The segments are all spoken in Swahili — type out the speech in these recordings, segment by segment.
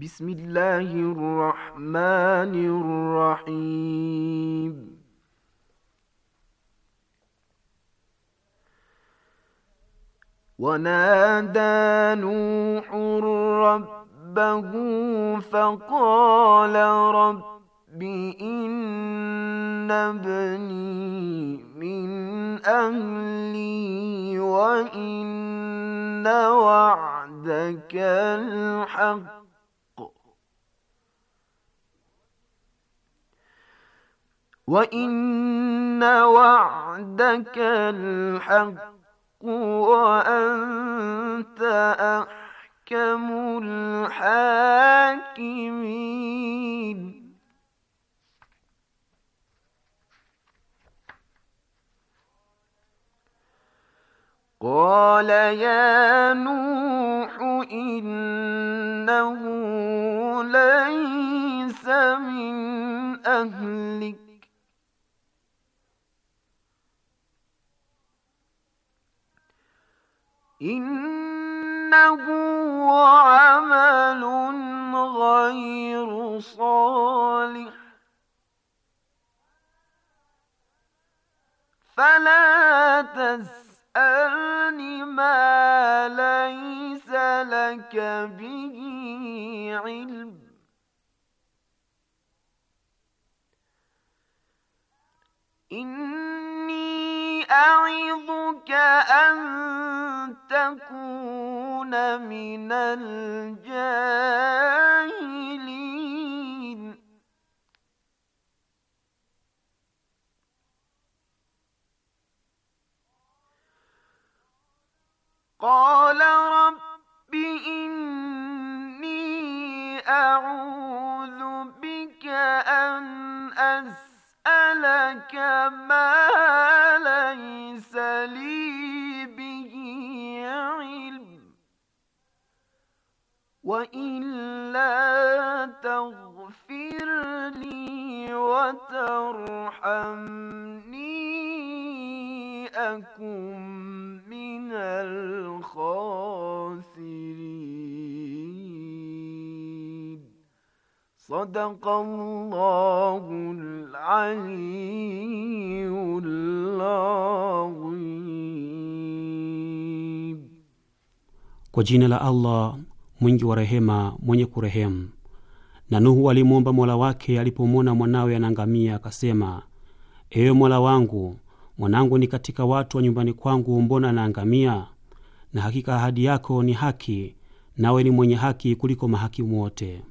بسم الله الرحمن الرحيم ونادى نوح ربه فقال رب إن ابني من أهلي وإن وعدك الحق وإن وعدك الحق وأنت أحكم الحاكمين قال يا نوح إنه ليس من أهلك إنه عمل غير صالح فلا تسألني ما ليس لك به علم إني أعظك أن تكون من الجاهلين قال tarhamni akum minal khasirin. Sadaqallahul aliyyul azim. Kwa jina la Allah mwingi wa rehema mwenye kurehemu. Na Nuhu alimwomba mola wake alipomwona mwanawe anaangamia, akasema: ewe mola wangu, mwanangu ni katika watu wa nyumbani kwangu, mbona anaangamia? Na hakika ahadi yako ni haki, nawe ni mwenye haki kuliko mahakimu wote.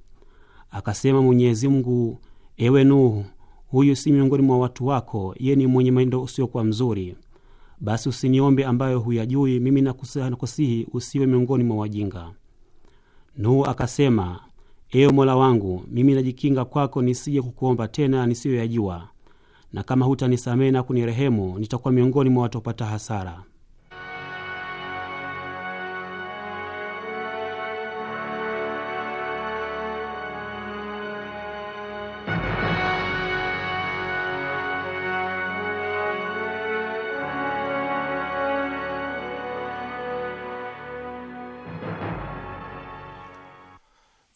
Akasema Mwenyezi Mungu: ewe Nuhu, huyu si miongoni mwa watu wako, yeye ni mwenye mwendo usiokuwa mzuri, basi usiniombe ambayo huyajui. Mimi nakusihi usiwe miongoni mwa wajinga. Nuhu akasema Ewe Mola wangu, mimi najikinga kwako nisije kukuomba tena nisiyoyajua, na kama hutanisamehe na kunirehemu nitakuwa miongoni mwa wapata hasara.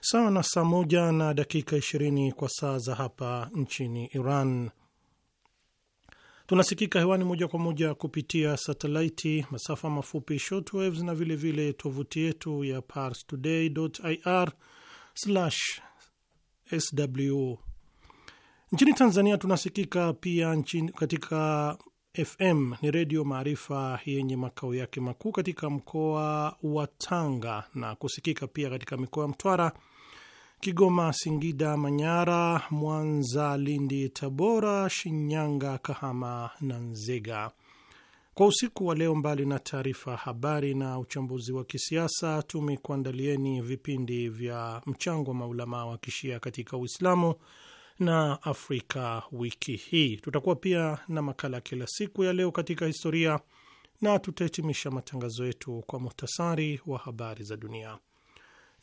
sawa na saa moja na dakika 20 kwa saa za hapa nchini Iran. Tunasikika hewani moja kwa moja kupitia satelaiti, masafa mafupi shortwaves, na vilevile tovuti yetu ya pars parstoday.ir/sw. Nchini Tanzania tunasikika pia nchini, katika FM ni Redio Maarifa yenye makao yake makuu katika mkoa wa Tanga na kusikika pia katika mikoa ya Mtwara, Kigoma, Singida, Manyara, Mwanza, Lindi, Tabora, Shinyanga, Kahama na Nzega. Kwa usiku wa leo, mbali na taarifa habari na uchambuzi wa kisiasa, tumekuandalieni vipindi vya mchango wa maulamaa wa kishia katika Uislamu na Afrika wiki hii. Tutakuwa pia na makala kila siku ya leo katika historia na tutahitimisha matangazo yetu kwa muhtasari wa habari za dunia.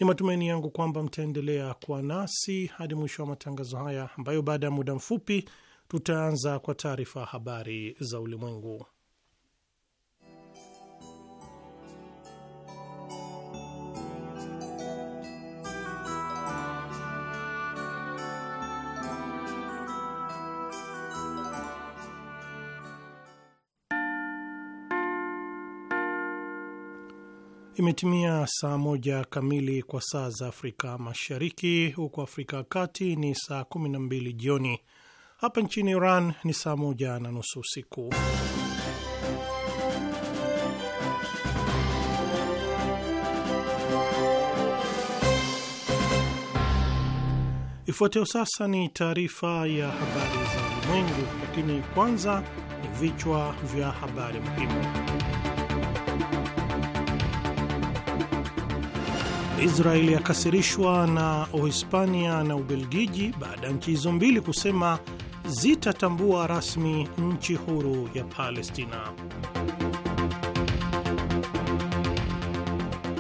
Ni matumaini yangu kwamba mtaendelea kuwa nasi hadi mwisho wa matangazo haya ambayo baada ya muda mfupi tutaanza kwa taarifa habari za ulimwengu. Imetimia saa moja kamili kwa saa za Afrika Mashariki, huku Afrika ya Kati ni saa 12 jioni. Hapa nchini Iran ni saa moja na nusu usiku. Ifuatayo sasa ni taarifa ya habari za ulimwengu, lakini kwanza ni vichwa vya habari muhimu. Israeli yakasirishwa na Uhispania na Ubelgiji baada ya nchi hizo mbili kusema zitatambua rasmi nchi huru ya Palestina.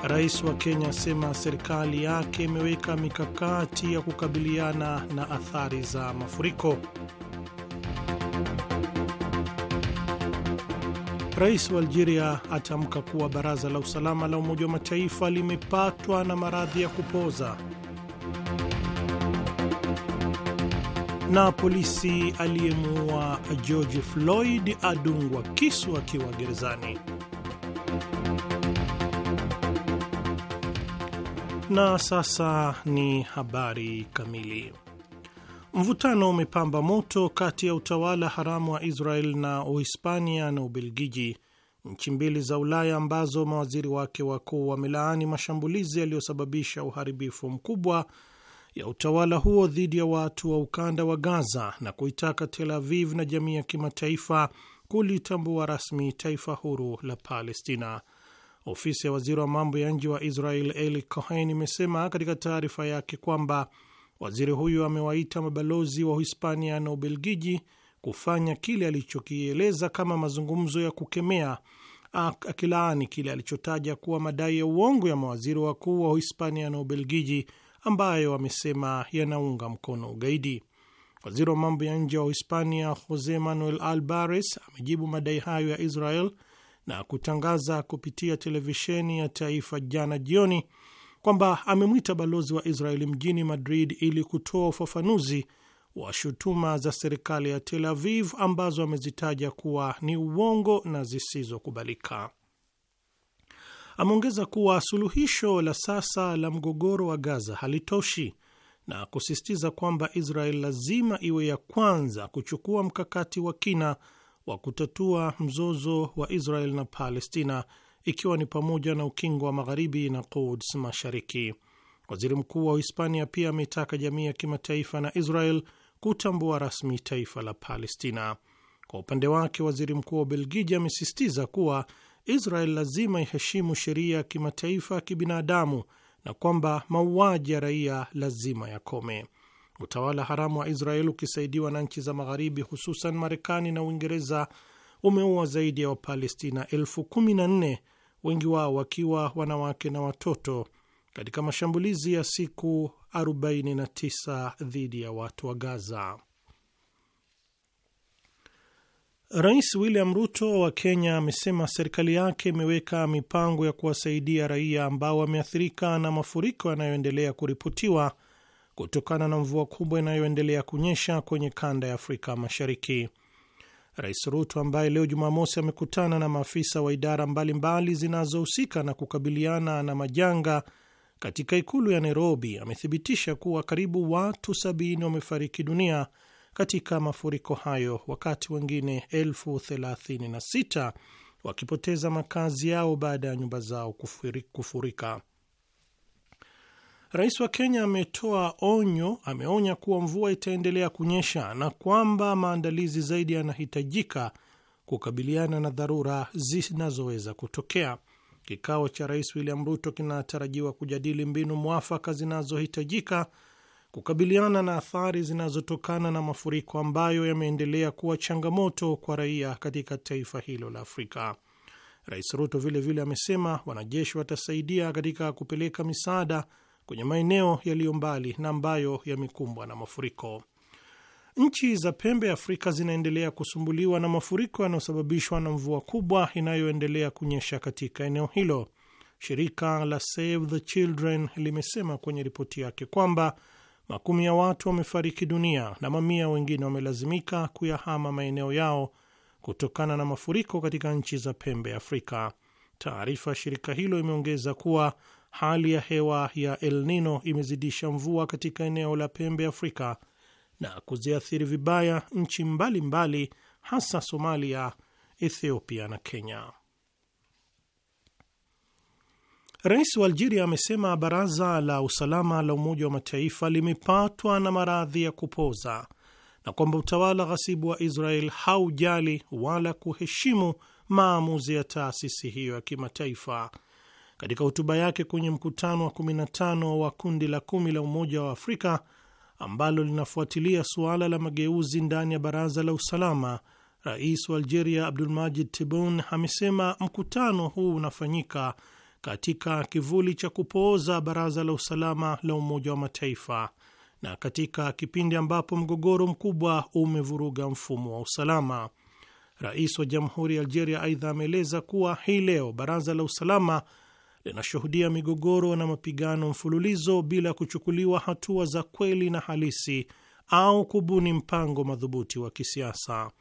Rais wa Kenya asema serikali yake imeweka mikakati ya kukabiliana na athari za mafuriko. Rais wa Algeria atamka kuwa baraza la usalama la Umoja wa Mataifa limepatwa na maradhi ya kupoza, na polisi aliyemuua George Floyd adungwa kisu akiwa gerezani. Na sasa ni habari kamili. Mvutano umepamba moto kati ya utawala haramu wa Israel na Uhispania na Ubelgiji, nchi mbili za Ulaya ambazo mawaziri wake wakuu wamelaani mashambulizi yaliyosababisha uharibifu mkubwa ya utawala huo dhidi ya watu wa ukanda wa Gaza na kuitaka Tel Aviv na jamii ya kimataifa kulitambua rasmi taifa huru la Palestina. Ofisi ya waziri wa mambo ya nje wa Israel Eli Cohen imesema katika taarifa yake kwamba Waziri huyu amewaita mabalozi wa Uhispania na Ubelgiji kufanya kile alichokieleza kama mazungumzo ya kukemea, akilaani kile alichotaja kuwa madai ya uongo ya mawaziri wakuu wa Uhispania na Ubelgiji ambayo amesema yanaunga mkono ugaidi. Waziri wa mambo ya nje wa Uhispania Jose Manuel Albares amejibu madai hayo ya Israel na kutangaza kupitia televisheni ya taifa jana jioni kwamba amemwita balozi wa Israeli mjini Madrid ili kutoa ufafanuzi wa shutuma za serikali ya Tel Aviv ambazo amezitaja kuwa ni uongo na zisizokubalika. Ameongeza kuwa suluhisho la sasa la mgogoro wa Gaza halitoshi na kusisitiza kwamba Israel lazima iwe ya kwanza kuchukua mkakati wa kina wa kutatua mzozo wa Israel na Palestina ikiwa ni pamoja na ukingo wa magharibi na Quds mashariki. Waziri mkuu wa hispania pia ametaka jamii ya kimataifa na Israel kutambua rasmi taifa la Palestina. Kwa upande wake, waziri mkuu wa Belgiji amesisitiza kuwa Israel lazima iheshimu sheria ya kimataifa ya kibinadamu na kwamba mauaji ya raia lazima yakome. Utawala haramu wa Israel ukisaidiwa na nchi za Magharibi, hususan Marekani na Uingereza, umeua zaidi ya Wapalestina elfu kumi na nne wengi wao wakiwa wanawake na watoto katika mashambulizi ya siku 49 dhidi ya watu wa Gaza. Rais William Ruto wa Kenya amesema serikali yake imeweka mipango ya kuwasaidia raia ambao wameathirika na mafuriko yanayoendelea kuripotiwa kutokana na mvua kubwa inayoendelea kunyesha kwenye kanda ya Afrika Mashariki. Rais Ruto ambaye leo Jumamosi amekutana na maafisa wa idara mbalimbali zinazohusika na kukabiliana na majanga katika ikulu ya Nairobi amethibitisha kuwa karibu watu sabini wamefariki dunia katika mafuriko hayo, wakati wengine elfu 36 wakipoteza makazi yao baada ya nyumba zao kufurika. Rais wa Kenya ametoa onyo, ameonya kuwa mvua itaendelea kunyesha na kwamba maandalizi zaidi yanahitajika kukabiliana na dharura zinazoweza kutokea. Kikao cha Rais William Ruto kinatarajiwa kujadili mbinu mwafaka zinazohitajika kukabiliana na athari zinazotokana na mafuriko ambayo yameendelea kuwa changamoto kwa raia katika taifa hilo la Afrika. Rais Ruto vilevile vile amesema wanajeshi watasaidia katika kupeleka misaada kwenye maeneo yaliyo mbali na ambayo yamekumbwa na mafuriko. Nchi za pembe Afrika zinaendelea kusumbuliwa na mafuriko yanayosababishwa na mvua kubwa inayoendelea kunyesha katika eneo hilo. Shirika la Save the Children limesema kwenye ripoti yake kwamba makumi ya watu wamefariki dunia na mamia wengine wamelazimika kuyahama maeneo yao kutokana na mafuriko katika nchi za pembe Afrika. Taarifa ya shirika hilo imeongeza kuwa hali ya hewa ya El Nino imezidisha mvua katika eneo la pembe Afrika na kuziathiri vibaya nchi mbalimbali mbali, hasa Somalia, Ethiopia na Kenya. Rais wa Algeria amesema baraza la usalama la Umoja wa Mataifa limepatwa na maradhi ya kupoza na kwamba utawala ghasibu wa Israel haujali wala kuheshimu maamuzi ya taasisi hiyo ya kimataifa katika hotuba yake kwenye mkutano wa 15 wa kundi la kumi la Umoja wa Afrika ambalo linafuatilia suala la mageuzi ndani ya Baraza la Usalama, rais wa Algeria Abdulmajid Tebboune amesema mkutano huu unafanyika katika kivuli cha kupooza Baraza la Usalama la Umoja wa Mataifa na katika kipindi ambapo mgogoro mkubwa umevuruga mfumo wa usalama. Rais wa Jamhuri ya Algeria aidha ameeleza kuwa hii leo Baraza la Usalama linashuhudia migogoro na mapigano mfululizo bila kuchukuliwa hatua za kweli na halisi au kubuni mpango madhubuti wa kisiasa.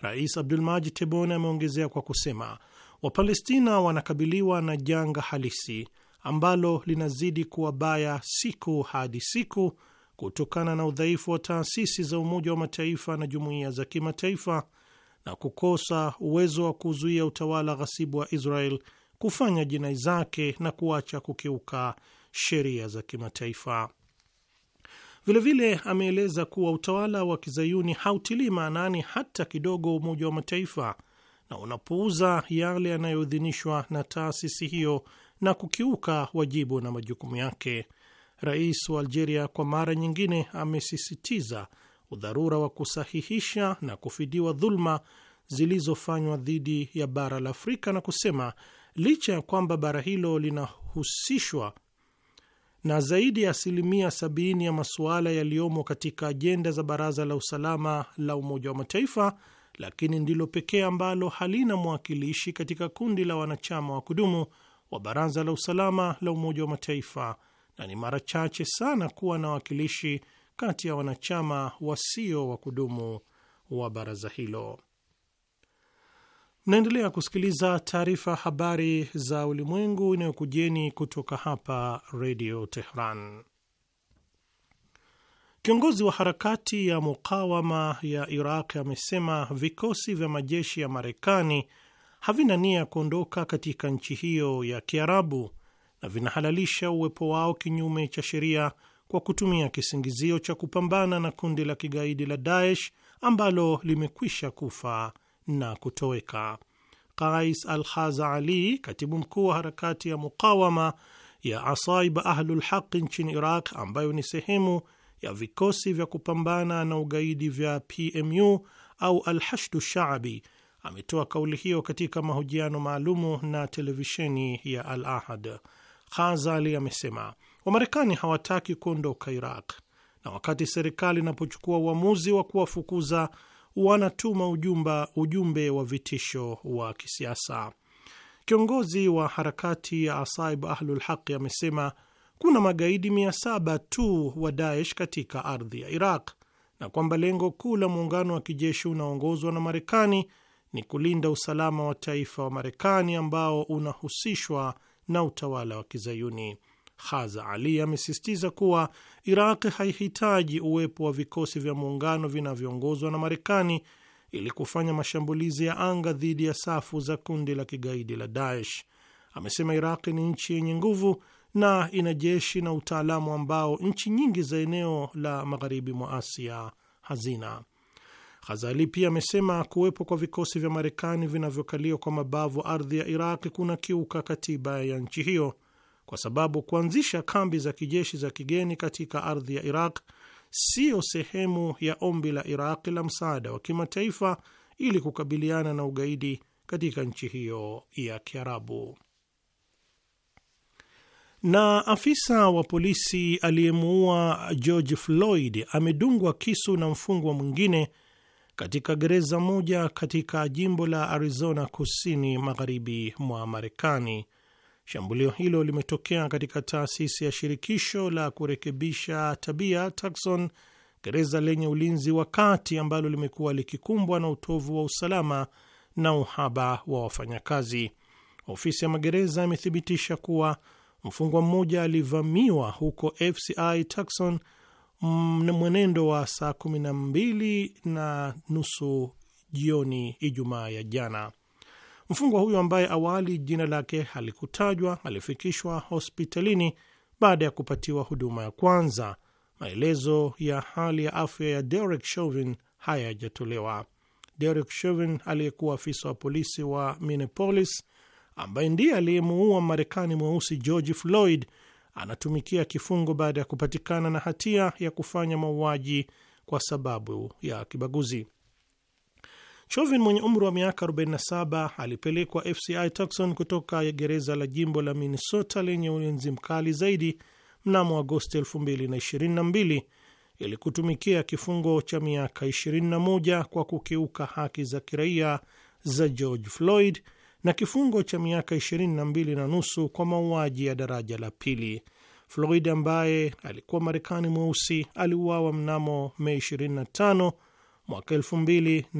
Rais Abdulmajid Tebboune ameongezea kwa kusema, Wapalestina wanakabiliwa na janga halisi ambalo linazidi kuwa baya siku hadi siku kutokana na udhaifu wa taasisi za Umoja wa Mataifa na jumuiya za kimataifa na kukosa uwezo wa kuzuia utawala ghasibu wa Israel kufanya jinai zake na kuacha kukiuka sheria za kimataifa. Vilevile ameeleza kuwa utawala wa kizayuni hautilii maanani hata kidogo Umoja wa Mataifa na unapuuza yale yanayoidhinishwa na taasisi hiyo na kukiuka wajibu na majukumu yake. Rais wa Algeria kwa mara nyingine amesisitiza udharura wa kusahihisha na kufidiwa dhuluma zilizofanywa dhidi ya bara la Afrika na kusema licha ya kwamba bara hilo linahusishwa na zaidi ya asilimia sabini ya masuala yaliyomo katika ajenda za Baraza la Usalama la Umoja wa Mataifa, lakini ndilo pekee ambalo halina mwakilishi katika kundi la wanachama wa kudumu wa Baraza la Usalama la Umoja wa Mataifa, na ni mara chache sana kuwa na wakilishi kati ya wanachama wasio wa kudumu wa baraza hilo. Mnaendelea kusikiliza taarifa habari za ulimwengu inayokujeni kutoka hapa redio Tehran. Kiongozi wa harakati ya mukawama ya Iraq amesema vikosi vya majeshi ya Marekani havina nia ya kuondoka katika nchi hiyo ya Kiarabu na vinahalalisha uwepo wao kinyume cha sheria kwa kutumia kisingizio cha kupambana na kundi la kigaidi la Daesh ambalo limekwisha kufa na kutoweka. Qais Haza Ali, katibu mkuu wa harakati ya mukawama ya Asaiba Ahlul Haqi nchini Iraq, ambayo ni sehemu ya vikosi vya kupambana na ugaidi vya PMU au Alhashdu Shaabi, ametoa kauli hiyo katika mahojiano maalumu na televisheni ya Al Ahad. Khazali amesema Wamarekani hawataki kuondoka Iraq, na wakati serikali inapochukua uamuzi wa kuwafukuza wanatuma ujumba, ujumbe wa vitisho wa kisiasa. Kiongozi wa harakati ya Asaib Ahlul Haqi amesema kuna magaidi mia saba tu wa Daesh katika ardhi ya Iraq na kwamba lengo kuu la muungano wa kijeshi unaoongozwa na Marekani ni kulinda usalama wa taifa wa Marekani ambao unahusishwa na utawala wa Kizayuni. Haza Ali amesisitiza kuwa Iraq haihitaji uwepo wa vikosi vya muungano vinavyoongozwa na Marekani ili kufanya mashambulizi ya anga dhidi ya safu za kundi la kigaidi la Daesh. Amesema Iraq ni nchi yenye nguvu na ina jeshi na utaalamu ambao nchi nyingi za eneo la magharibi mwa Asia hazina. Ghazali pia amesema kuwepo kwa vikosi vya Marekani vinavyokalia kwa mabavu ardhi ya Iraq kuna kiuka katiba ya nchi hiyo kwa sababu kuanzisha kambi za kijeshi za kigeni katika ardhi ya Iraq siyo sehemu ya ombi la iraq la msaada wa kimataifa ili kukabiliana na ugaidi katika nchi hiyo ya Kiarabu. Na afisa wa polisi aliyemuua George Floyd amedungwa kisu na mfungwa mwingine katika gereza moja katika jimbo la Arizona kusini magharibi mwa Marekani. Shambulio hilo limetokea katika taasisi ya shirikisho la kurekebisha tabia Takson, gereza lenye ulinzi wa kati ambalo limekuwa likikumbwa na utovu wa usalama na uhaba wa wafanyakazi. Ofisi ya magereza imethibitisha kuwa mfungwa mmoja alivamiwa huko FCI Takson mwenendo wa saa 12 na nusu jioni Ijumaa ya jana. Mfungwa huyo ambaye awali jina lake halikutajwa alifikishwa hospitalini baada ya kupatiwa huduma ya kwanza. Maelezo ya hali ya afya ya Derek Chauvin hayajatolewa. Derek Chauvin aliyekuwa afisa wa polisi wa Minneapolis ambaye ndiye aliyemuua Marekani mweusi George Floyd anatumikia kifungo baada ya kupatikana na hatia ya kufanya mauaji kwa sababu ya kibaguzi. Chauvin mwenye umri wa miaka 47 alipelekwa FCI Tucson kutoka gereza la jimbo la Minnesota lenye ulinzi mkali zaidi mnamo Agosti 2022 ili kutumikia kifungo cha miaka 21 kwa kukiuka haki za kiraia za George Floyd na kifungo cha miaka 22 na nusu kwa mauaji ya daraja la pili. Floyd ambaye alikuwa Marekani mweusi aliuawa mnamo Mei 25 mwaka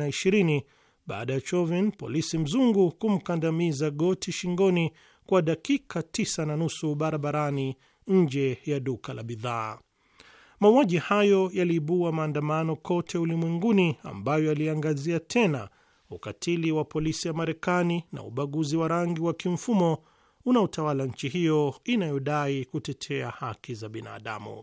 ishirini baada ya Chauvin, polisi mzungu, kumkandamiza goti shingoni kwa dakika tisa na nusu barabarani nje ya duka la bidhaa. Mauaji hayo yaliibua maandamano kote ulimwenguni ambayo yaliangazia tena ukatili wa polisi ya Marekani na ubaguzi wa rangi wa kimfumo unaotawala nchi hiyo inayodai kutetea haki za binadamu.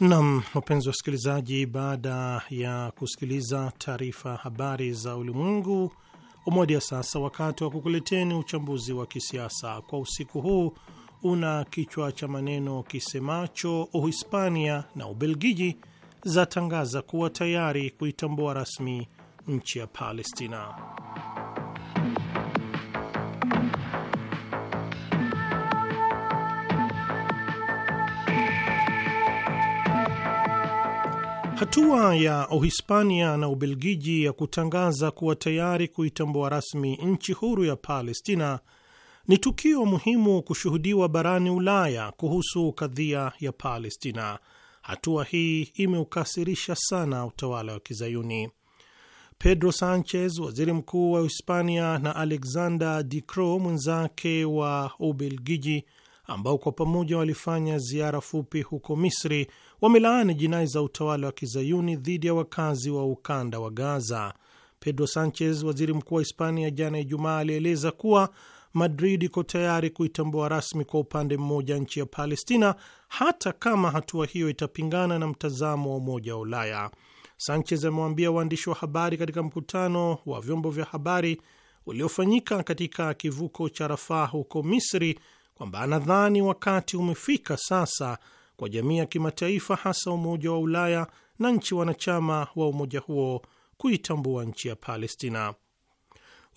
Nam, wapenzi wasikilizaji, baada ya kusikiliza taarifa habari za ulimwengu, umoja sasa wakati wa kukuleteni uchambuzi wa kisiasa kwa usiku huu. Una kichwa cha maneno kisemacho Uhispania na Ubelgiji zatangaza kuwa tayari kuitambua rasmi nchi ya Palestina. Hatua ya Uhispania na Ubelgiji ya kutangaza kuwa tayari kuitambua rasmi nchi huru ya Palestina ni tukio muhimu kushuhudiwa barani Ulaya kuhusu kadhia ya Palestina. Hatua hii imeukasirisha sana utawala wa Kizayuni. Pedro Sanchez, waziri mkuu wa uhispania na Alexander De Croo, mwenzake wa Ubelgiji, ambao kwa pamoja walifanya ziara fupi huko Misri wamelaani jinai za utawala wa kizayuni dhidi ya wakazi wa ukanda wa Gaza. Pedro Sanchez, waziri mkuu wa Hispania, jana Ijumaa alieleza kuwa Madrid iko tayari kuitambua rasmi kwa upande mmoja nchi ya Palestina, hata kama hatua hiyo itapingana na mtazamo wa Umoja wa Ulaya. Sanchez amewaambia waandishi wa habari katika mkutano wa vyombo vya habari uliofanyika katika kivuko cha Rafah huko Misri kwamba anadhani wakati umefika sasa kwa jamii ya kimataifa, hasa Umoja wa Ulaya na nchi wanachama wa umoja huo kuitambua nchi ya Palestina.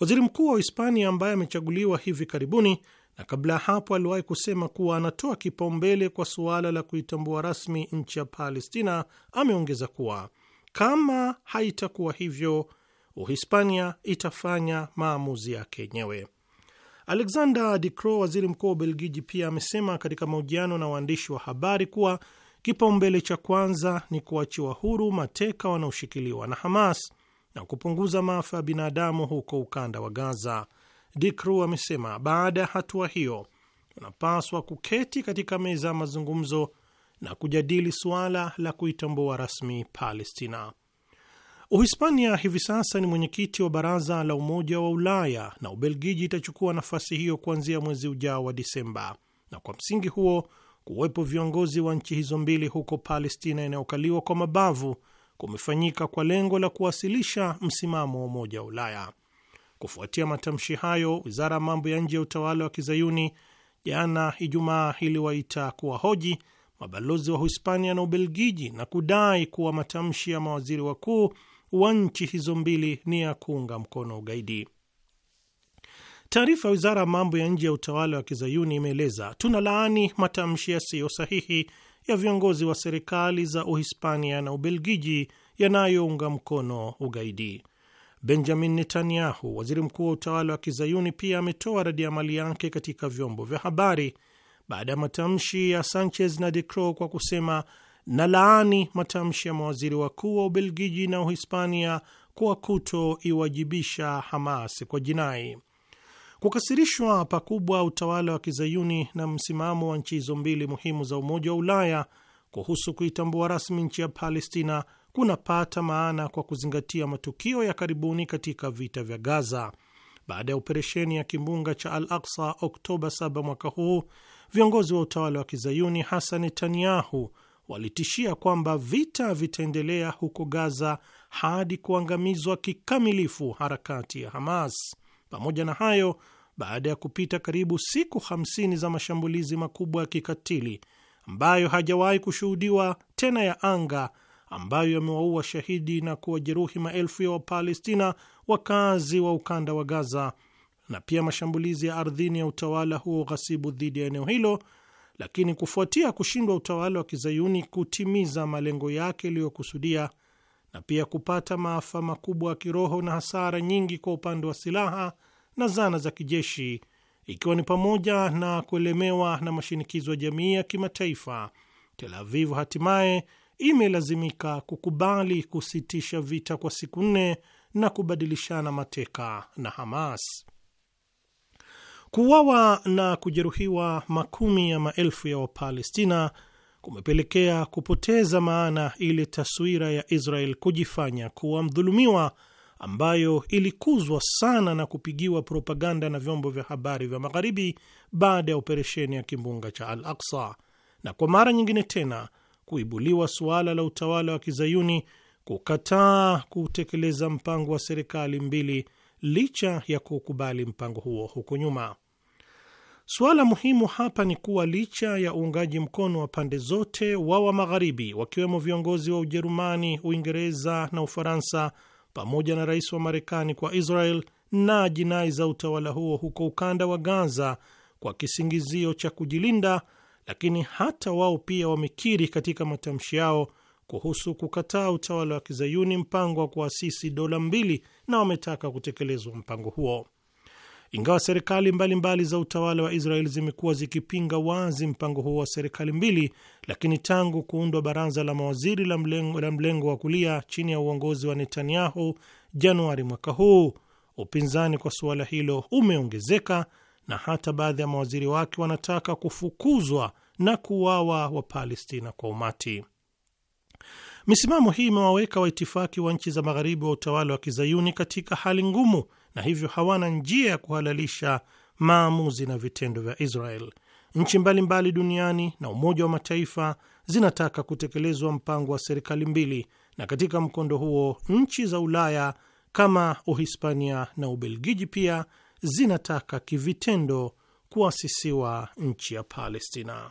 Waziri mkuu wa Hispania ambaye amechaguliwa hivi karibuni na kabla ya hapo aliwahi kusema kuwa anatoa kipaumbele kwa suala la kuitambua rasmi nchi ya Palestina, ameongeza kuwa kama haitakuwa hivyo, Uhispania itafanya maamuzi yake yenyewe. Alexander De Croo, waziri mkuu wa Ubelgiji, pia amesema katika mahojiano na waandishi wa habari kuwa kipaumbele cha kwanza ni kuachiwa huru mateka wanaoshikiliwa na Hamas na kupunguza maafa ya binadamu huko ukanda wa Gaza. De Croo amesema baada ya hatua hiyo, tunapaswa kuketi katika meza ya mazungumzo na kujadili suala la kuitambua rasmi Palestina. Uhispania hivi sasa ni mwenyekiti wa baraza la Umoja wa Ulaya na Ubelgiji itachukua nafasi hiyo kuanzia mwezi ujao wa Disemba, na kwa msingi huo kuwepo viongozi wa nchi hizo mbili huko Palestina inayokaliwa kwa mabavu kumefanyika kwa lengo la kuwasilisha msimamo wa Umoja wa Ulaya. Kufuatia matamshi hayo, wizara ya mambo ya nje ya utawala wa kizayuni jana Ijumaa iliwaita kuwahoji mabalozi wa Uhispania na Ubelgiji na kudai kuwa matamshi ya mawaziri wakuu wa nchi hizo mbili ni ya kuunga mkono ugaidi. Taarifa ya wizara ya mambo ya nje ya utawala wa kizayuni imeeleza, tuna laani matamshi yasiyo sahihi ya viongozi wa serikali za Uhispania na Ubelgiji yanayounga mkono ugaidi. Benjamin Netanyahu, waziri mkuu wa utawala wa kizayuni, pia ametoa radiamali yake katika vyombo vya habari baada ya matamshi ya Sanchez na De Croo kwa kusema na laani matamshi ya mawaziri wakuu wa Ubelgiji na Uhispania kwa kutoiwajibisha Hamas kwa jinai. Kukasirishwa pakubwa utawala wa kizayuni na msimamo wa nchi hizo mbili muhimu za Umoja wa Ulaya kuhusu kuitambua rasmi nchi ya Palestina kunapata maana kwa kuzingatia matukio ya karibuni katika vita vya Gaza. Baada ya operesheni ya kimbunga cha Al Aksa Oktoba 7 mwaka huu, viongozi wa utawala wa kizayuni hasa Netanyahu walitishia kwamba vita vitaendelea huko Gaza hadi kuangamizwa kikamilifu harakati ya Hamas. Pamoja na hayo, baada ya kupita karibu siku 50 za mashambulizi makubwa ya kikatili ambayo hajawahi kushuhudiwa tena ya anga ambayo yamewaua shahidi na kuwajeruhi maelfu ya Wapalestina wakazi wa ukanda wa Gaza na pia mashambulizi ya ardhini ya utawala huo ghasibu dhidi ya eneo hilo lakini kufuatia kushindwa utawala wa kizayuni kutimiza malengo yake iliyokusudia na pia kupata maafa makubwa ya kiroho na hasara nyingi kwa upande wa silaha na zana za kijeshi, ikiwa ni pamoja na kuelemewa na mashinikizo ya jamii ya kimataifa, Tel Avivu hatimaye imelazimika kukubali kusitisha vita kwa siku nne na kubadilishana mateka na Hamas kuwawa na kujeruhiwa makumi ya maelfu ya Wapalestina kumepelekea kupoteza maana ile taswira ya Israel kujifanya kuwa mdhulumiwa ambayo ilikuzwa sana na kupigiwa propaganda na vyombo vya habari vya Magharibi baada ya operesheni ya kimbunga cha Al Aksa, na kwa mara nyingine tena kuibuliwa suala la utawala wa kizayuni kukataa kutekeleza mpango wa serikali mbili licha ya kuukubali mpango huo huko nyuma. Suala muhimu hapa ni kuwa licha ya uungaji mkono wa pande zote wa wa Magharibi, wakiwemo viongozi wa Ujerumani, Uingereza na Ufaransa pamoja na rais wa Marekani kwa Israel na jinai za utawala huo huko ukanda wa Gaza kwa kisingizio cha kujilinda, lakini hata wao pia wamekiri katika matamshi yao kuhusu kukataa utawala wa kizayuni mpango wa kuasisi dola mbili na wametaka kutekelezwa mpango huo. Ingawa serikali mbalimbali mbali za utawala wa Israeli zimekuwa zikipinga wazi mpango huo wa serikali mbili, lakini tangu kuundwa baraza la mawaziri la mlengo, la mlengo wa kulia chini ya uongozi wa Netanyahu Januari mwaka huu, upinzani kwa suala hilo umeongezeka na hata baadhi ya mawaziri wake wanataka kufukuzwa na kuuawa Wapalestina kwa umati. Misimamo hii imewaweka waitifaki wa nchi za magharibi wa utawala wa kizayuni katika hali ngumu, na hivyo hawana njia ya kuhalalisha maamuzi na vitendo vya Israel. Nchi mbalimbali duniani na Umoja wa Mataifa zinataka kutekelezwa mpango wa serikali mbili, na katika mkondo huo nchi za Ulaya kama Uhispania na Ubelgiji pia zinataka kivitendo kuasisiwa nchi ya Palestina.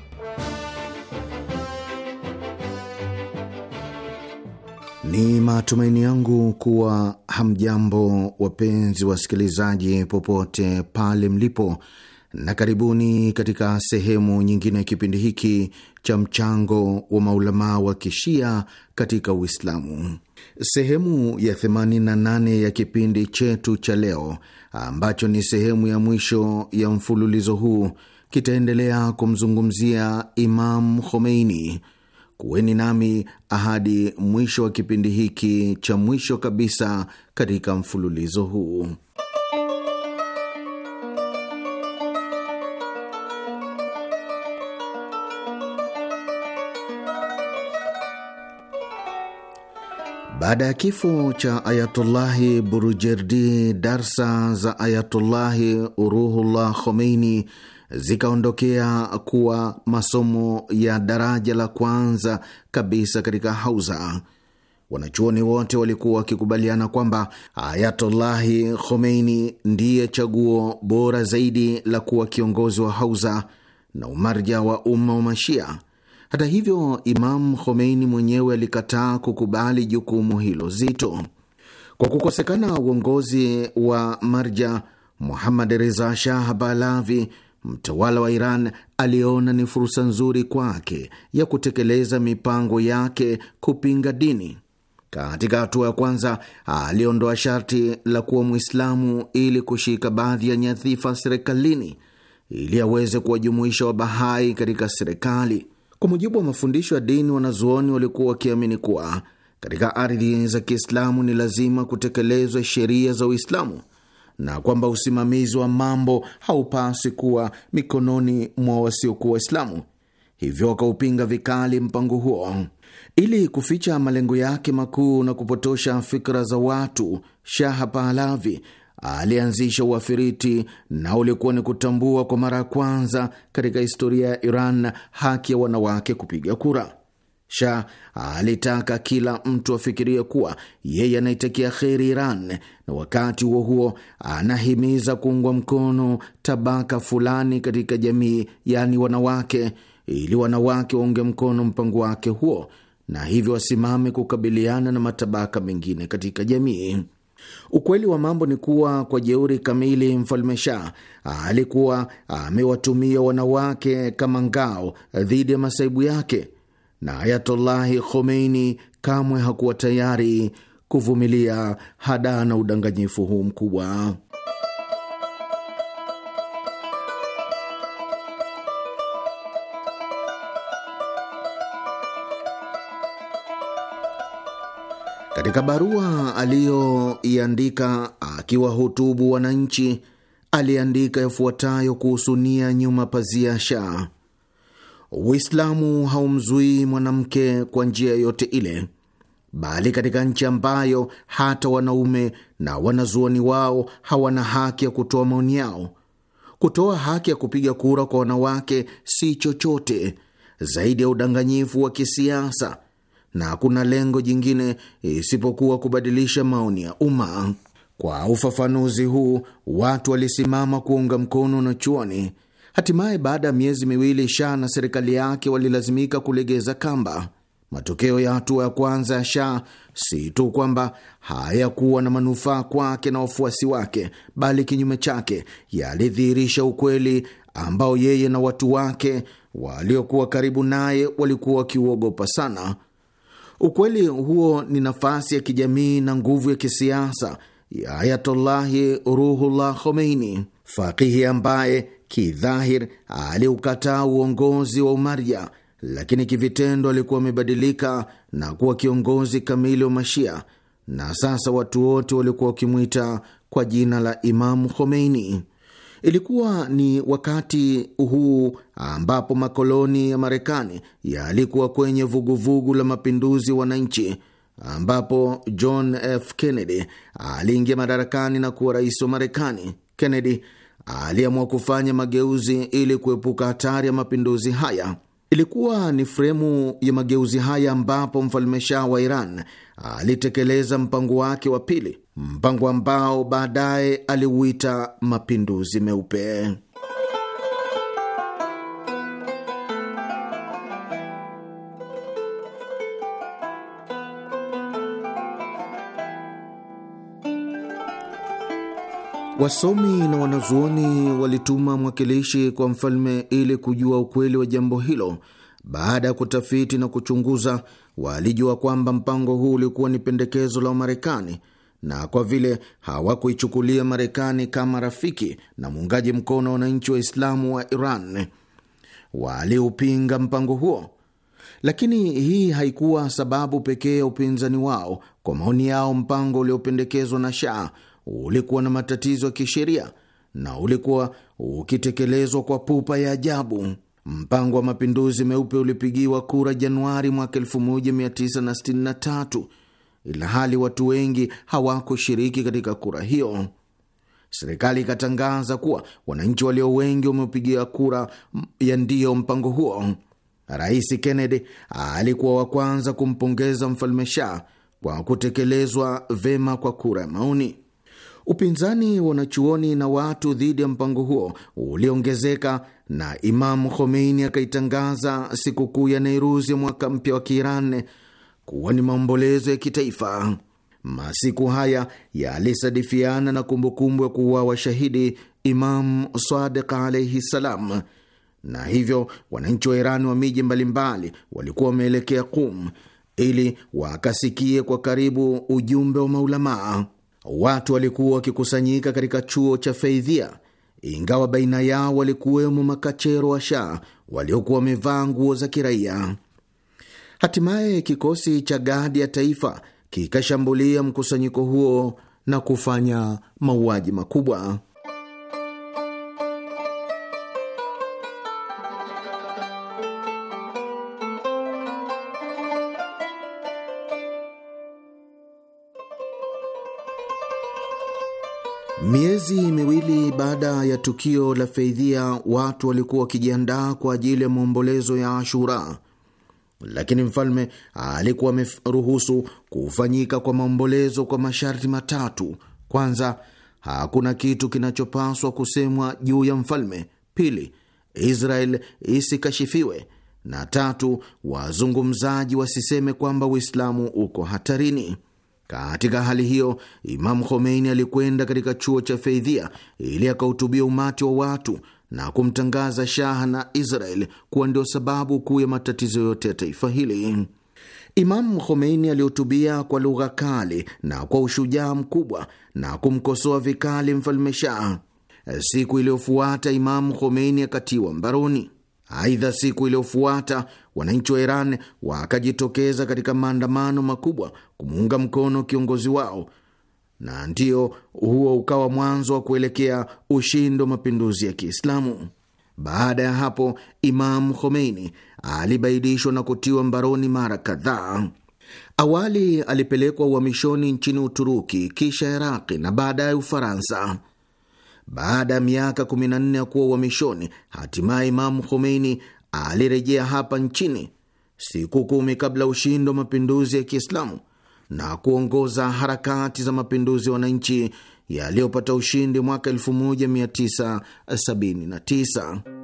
Ni matumaini yangu kuwa hamjambo, wapenzi wasikilizaji, popote pale mlipo, na karibuni katika sehemu nyingine ya kipindi hiki cha mchango wa maulamaa wa kishia katika Uislamu, sehemu ya 88 ya kipindi chetu cha leo, ambacho ni sehemu ya mwisho ya mfululizo huu, kitaendelea kumzungumzia Imam Khomeini Kuweni nami ahadi mwisho wa kipindi hiki cha mwisho kabisa katika mfululizo huu. Baada ya kifo cha Ayatullahi Burujerdi, darsa za Ayatullahi Uruhullah Khomeini zikaondokea kuwa masomo ya daraja la kwanza kabisa katika hauza. Wanachuoni wote walikuwa wakikubaliana kwamba Ayatullahi Khomeini ndiye chaguo bora zaidi la kuwa kiongozi wa hauza na umarja wa umma wa Mashia. Hata hivyo, Imamu Khomeini mwenyewe alikataa kukubali jukumu hilo zito. Kwa kukosekana uongozi wa marja, Muhammad Reza Shah Pahlavi mtawala wa Iran aliona ni fursa nzuri kwake ya kutekeleza mipango yake kupinga dini. Katika hatua ya kwanza, aliondoa sharti la kuwa Mwislamu ili kushika baadhi ya nyadhifa serikalini ili aweze kuwajumuisha Wabahai katika serikali. Kwa mujibu wa mafundisho ya dini, wanazuoni walikuwa wakiamini kuwa katika ardhi za Kiislamu ni lazima kutekelezwa sheria za Uislamu na kwamba usimamizi wa mambo haupasi kuwa mikononi mwa wasiokuwa Waislamu, hivyo wakaupinga vikali mpango huo. Ili kuficha malengo yake makuu na kupotosha fikra za watu, Shaha Pahlavi alianzisha uafiriti na ulikuwa ni kutambua kwa mara ya kwanza katika historia ya Iran haki ya wanawake kupiga kura. Sha alitaka kila mtu afikirie kuwa yeye anaitakia kheri Iran na wakati huo huo anahimiza kuungwa mkono tabaka fulani katika jamii, yaani wanawake, ili wanawake waunge mkono mpango wake huo na hivyo wasimame kukabiliana na matabaka mengine katika jamii. Ukweli wa mambo ni kuwa kwa jeuri kamili, mfalme Shah alikuwa amewatumia wanawake kama ngao dhidi ya masaibu yake na Ayatullahi Khomeini kamwe hakuwa tayari kuvumilia hadaa na udanganyifu huu mkubwa. Katika barua aliyoiandika akiwahutubu wananchi, aliandika yafuatayo kuhusu nia nyuma pazia Shah: Uislamu haumzuii mwanamke kwa njia yote ile, bali katika nchi ambayo hata wanaume na wanazuoni wao hawana haki ya kutoa maoni yao, kutoa haki ya kupiga kura kwa wanawake si chochote zaidi ya udanganyifu wa kisiasa na hakuna lengo jingine isipokuwa kubadilisha maoni ya umma. Kwa ufafanuzi huu, watu walisimama kuunga mkono na chuoni Hatimaye, baada ya miezi miwili, Shah na serikali yake walilazimika kulegeza kamba. Matokeo ya hatua ya kwanza ya Shah si tu kwamba hayakuwa na manufaa kwake na wafuasi wake, bali kinyume chake, yalidhihirisha ukweli ambao yeye na watu wake waliokuwa karibu naye walikuwa wakiuogopa sana. Ukweli huo ni nafasi ya kijamii na nguvu ya kisiasa ya Ayatollahi Ruhullah Khomeini, fakihi ambaye Kidhahir aliukataa uongozi wa Umaria, lakini kivitendo alikuwa amebadilika na kuwa kiongozi kamili wa Mashia, na sasa watu wote walikuwa wakimwita kwa jina la Imamu Khomeini. Ilikuwa ni wakati huu ambapo makoloni ya Marekani yalikuwa kwenye vuguvugu vugu la mapinduzi wananchi, ambapo John F Kennedy aliingia madarakani na kuwa rais wa Marekani. Kennedy aliamua kufanya mageuzi ili kuepuka hatari ya mapinduzi haya. Ilikuwa ni fremu ya mageuzi haya ambapo mfalme Shah wa Iran alitekeleza mpango wake wa pili, mpango ambao baadaye aliuita mapinduzi meupe. Wasomi na wanazuoni walituma mwakilishi kwa mfalme ili kujua ukweli wa jambo hilo. Baada ya kutafiti na kuchunguza, walijua kwamba mpango huu ulikuwa ni pendekezo la Wamarekani, na kwa vile hawakuichukulia Marekani kama rafiki na muungaji mkono wa wananchi Waislamu wa Iran, waliupinga mpango huo. Lakini hii haikuwa sababu pekee ya upinzani wao. Kwa maoni yao, mpango uliopendekezwa na Shah ulikuwa na matatizo ya kisheria na ulikuwa ukitekelezwa kwa pupa ya ajabu. Mpango wa mapinduzi meupe ulipigiwa kura Januari mwaka 1963 ila hali watu wengi hawakushiriki katika kura hiyo. Serikali ikatangaza kuwa wananchi walio wengi wamepigia kura ya ndiyo mpango huo. Rais Kennedy alikuwa wa kwanza kumpongeza mfalme Shah kwa kutekelezwa vema kwa kura ya maoni. Upinzani wa wanachuoni na watu dhidi ya mpango huo uliongezeka na Imamu Khomeini akaitangaza sikukuu ya Nairuzi ya mwaka mpya wa Kiiran kuwa ni maombolezo ya kitaifa. Masiku haya yalisadifiana na kumbukumbu ya kuuawa shahidi Imam Sadiq alaihi ssalam, na hivyo wananchi wa Irani wa miji mbalimbali walikuwa wameelekea Qum ili wakasikie kwa karibu ujumbe wa maulamaa watu walikuwa wakikusanyika katika chuo cha feidhia ingawa baina yao walikuwemo makachero wa Shah waliokuwa wamevaa nguo za kiraia. Hatimaye kikosi cha gadi ya taifa kikashambulia mkusanyiko huo na kufanya mauaji makubwa. Miezi miwili baada ya tukio la Feidhia, watu walikuwa wakijiandaa kwa ajili ya maombolezo ya Ashura, lakini mfalme alikuwa ameruhusu kufanyika kwa maombolezo kwa masharti matatu. Kwanza, hakuna kitu kinachopaswa kusemwa juu ya mfalme; pili, Israel isikashifiwe; na tatu, wazungumzaji wasiseme kwamba Uislamu uko hatarini. Katika hali hiyo, Imamu Khomeini alikwenda katika chuo cha Feidhia ili akahutubia umati wa watu na kumtangaza shaha na Israel kuwa ndio sababu kuu ya matatizo yote ya taifa hili. Imamu Khomeini alihutubia kwa lugha kali na kwa ushujaa mkubwa na kumkosoa vikali mfalme Shah. Siku iliyofuata Imamu Khomeini akatiwa mbaroni. Aidha, siku iliyofuata wananchi wa Iran wakajitokeza katika maandamano makubwa kumuunga mkono kiongozi wao, na ndio huo ukawa mwanzo wa kuelekea ushindi wa mapinduzi ya Kiislamu. Baada ya hapo, imam Khomeini alibaidishwa na kutiwa mbaroni mara kadhaa. Awali alipelekwa uhamishoni nchini Uturuki, kisha Iraqi na baadaye Ufaransa. Baada ya miaka 14 ya kuwa uhamishoni, hatimaye Imamu Khomeini alirejea hapa nchini siku kumi kabla ushindi wa mapinduzi ya Kiislamu na kuongoza harakati za mapinduzi ya wananchi yaliyopata ushindi mwaka 1979.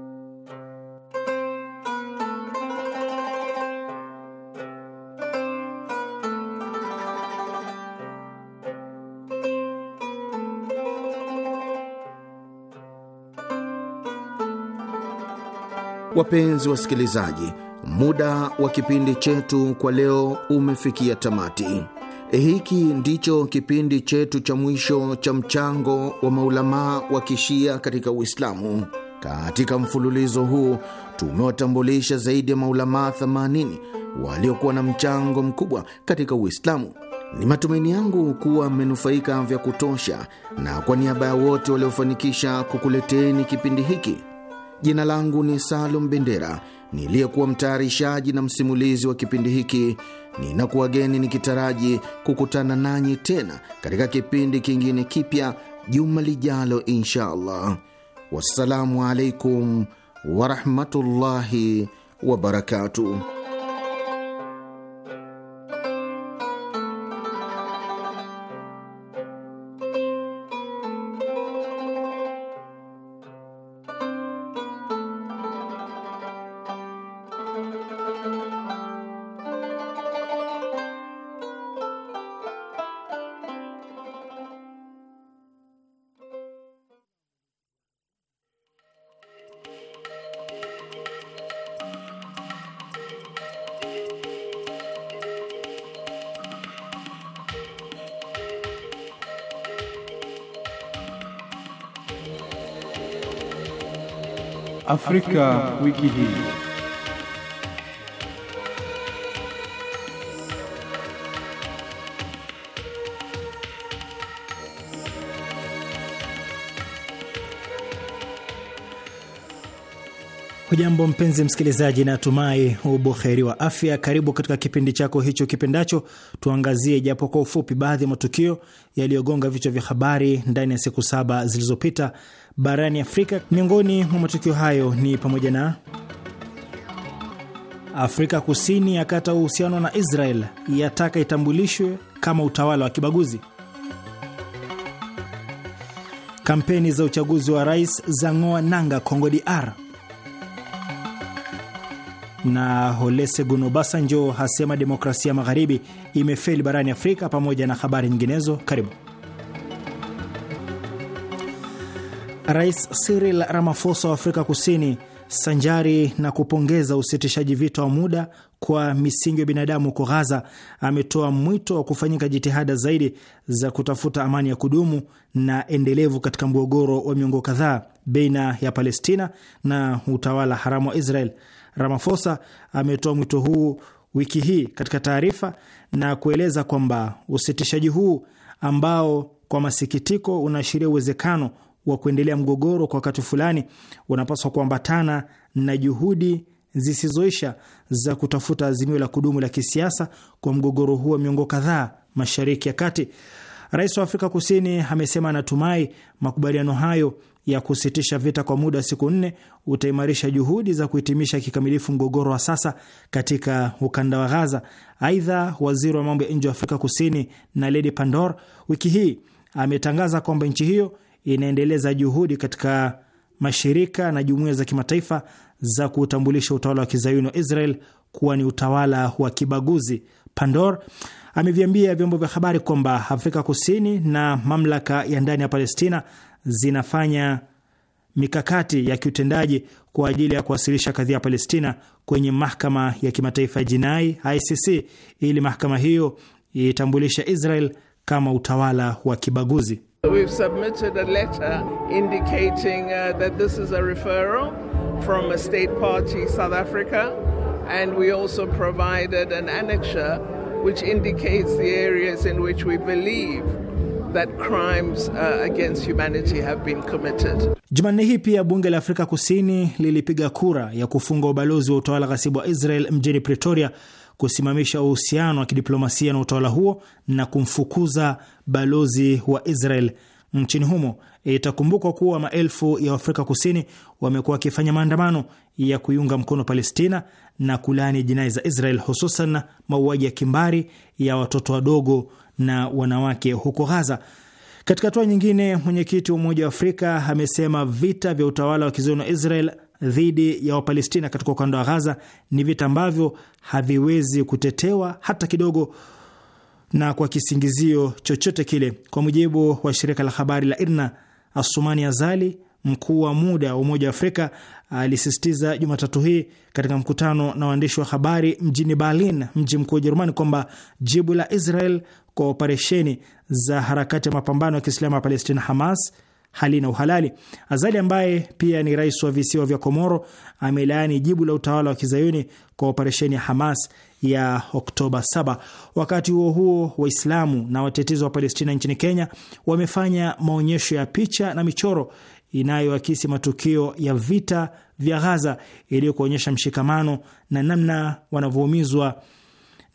Wapenzi wasikilizaji, muda wa kipindi chetu kwa leo umefikia tamati. Hiki ndicho kipindi chetu cha mwisho cha mchango wa maulamaa wa kishia katika Uislamu. Katika mfululizo huu tumewatambulisha zaidi ya maulamaa 80 waliokuwa na mchango mkubwa katika Uislamu. Ni matumaini yangu kuwa mmenufaika vya kutosha, na kwa niaba ya wote waliofanikisha kukuleteni kipindi hiki Jina langu ni Salum Bendera, niliyekuwa mtayarishaji na msimulizi wa kipindi hiki. Ninakuwageni nikitaraji kukutana nanyi tena katika kipindi kingine kipya juma lijalo, insha allah. Wassalamu alaikum warahmatullahi wabarakatuh. Afrika wiki hii. Hujambo mpenzi msikilizaji, natumai ubuheri wa afya. Karibu katika kipindi chako hicho kipendacho, tuangazie japo kwa ufupi baadhi ya matukio yaliyogonga vichwa vya habari ndani ya siku saba zilizopita barani Afrika. Miongoni mwa matukio hayo ni pamoja na Afrika Kusini yakata uhusiano na Israel, yataka itambulishwe kama utawala wa kibaguzi. Kampeni za uchaguzi wa rais zang'oa nanga Kongo DR na Olusegun Obasanjo hasema demokrasia magharibi imefeli barani Afrika, pamoja na habari nyinginezo. Karibu. Rais Cyril Ramaphosa wa Afrika Kusini, sanjari na kupongeza usitishaji vita wa muda kwa misingi ya binadamu huko Ghaza, ametoa mwito wa kufanyika jitihada zaidi za kutafuta amani ya kudumu na endelevu katika mgogoro wa miongo kadhaa baina ya Palestina na utawala haramu wa Israel. Ramaphosa ametoa mwito huu wiki hii katika taarifa na kueleza kwamba usitishaji huu ambao kwa masikitiko unaashiria uwezekano wa kuendelea mgogoro kwa wakati fulani unapaswa kuambatana na juhudi zisizoisha za kutafuta azimio la kudumu la kisiasa kwa mgogoro huu wa miongo kadhaa Mashariki ya Kati. Rais wa Afrika Kusini amesema anatumai makubaliano hayo ya kusitisha vita kwa muda wa siku nne utaimarisha juhudi za kuhitimisha kikamilifu mgogoro wa sasa katika ukanda wa Ghaza. Aidha, waziri wa mambo ya nje wa Afrika Kusini Ledi Pandor wiki hii ametangaza kwamba nchi hiyo inaendeleza juhudi katika mashirika na jumuiya za kimataifa za kuutambulisha utawala wa kizayuni wa Israel kuwa ni utawala wa kibaguzi. Pandor ameviambia vyombo vya habari kwamba Afrika Kusini na mamlaka ya ndani ya Palestina zinafanya mikakati ya kiutendaji kwa ajili ya kuwasilisha kadhia ya Palestina kwenye mahakama ya kimataifa ya jinai ICC ili mahakama hiyo itambulisha Israel kama utawala wa kibaguzi. We've submitted a letter indicating uh, that this is a referral from a state party South Africa and we also provided an annexure which indicates the areas in which we believe that crimes uh, against humanity have been committed. Jumanne hii pia bunge la Afrika Kusini lilipiga kura ya kufunga ubalozi wa utawala ghasibu wa Israel mjini Pretoria, kusimamisha uhusiano wa kidiplomasia na utawala huo na kumfukuza balozi wa Israel nchini humo. Itakumbukwa kuwa maelfu ya Afrika Kusini wamekuwa wakifanya maandamano ya kuiunga mkono Palestina na kulaani jinai za Israel, hususan mauaji ya kimbari ya watoto wadogo na wanawake huko Gaza. Katika hatua nyingine, mwenyekiti wa Umoja wa Afrika amesema vita vya utawala wa kizayuni wa Israel dhidi ya Wapalestina katika ukanda wa Gaza ni vita ambavyo haviwezi kutetewa hata kidogo na kwa kisingizio chochote kile. Kwa mujibu wa shirika la habari la IRNA, Asumani Azali, mkuu wa muda wa Umoja wa Afrika, alisisitiza Jumatatu hii katika mkutano na waandishi wa habari mjini Berlin, mji mkuu wa Ujerumani, kwamba jibu la Israel kwa operesheni za harakati ya mapambano ya Kiislamu ya Palestina Hamas halina uhalali. Azali ambaye pia ni rais wa visiwa vya Komoro amelaani jibu la utawala wa kizayuni kwa operesheni ya Hamas ya Oktoba 7. Wakati huo huo, Waislamu na watetezi wa Palestina nchini Kenya wamefanya maonyesho ya picha na michoro inayoakisi matukio ya vita vya Ghaza ili kuonyesha mshikamano na namna wanavyoumizwa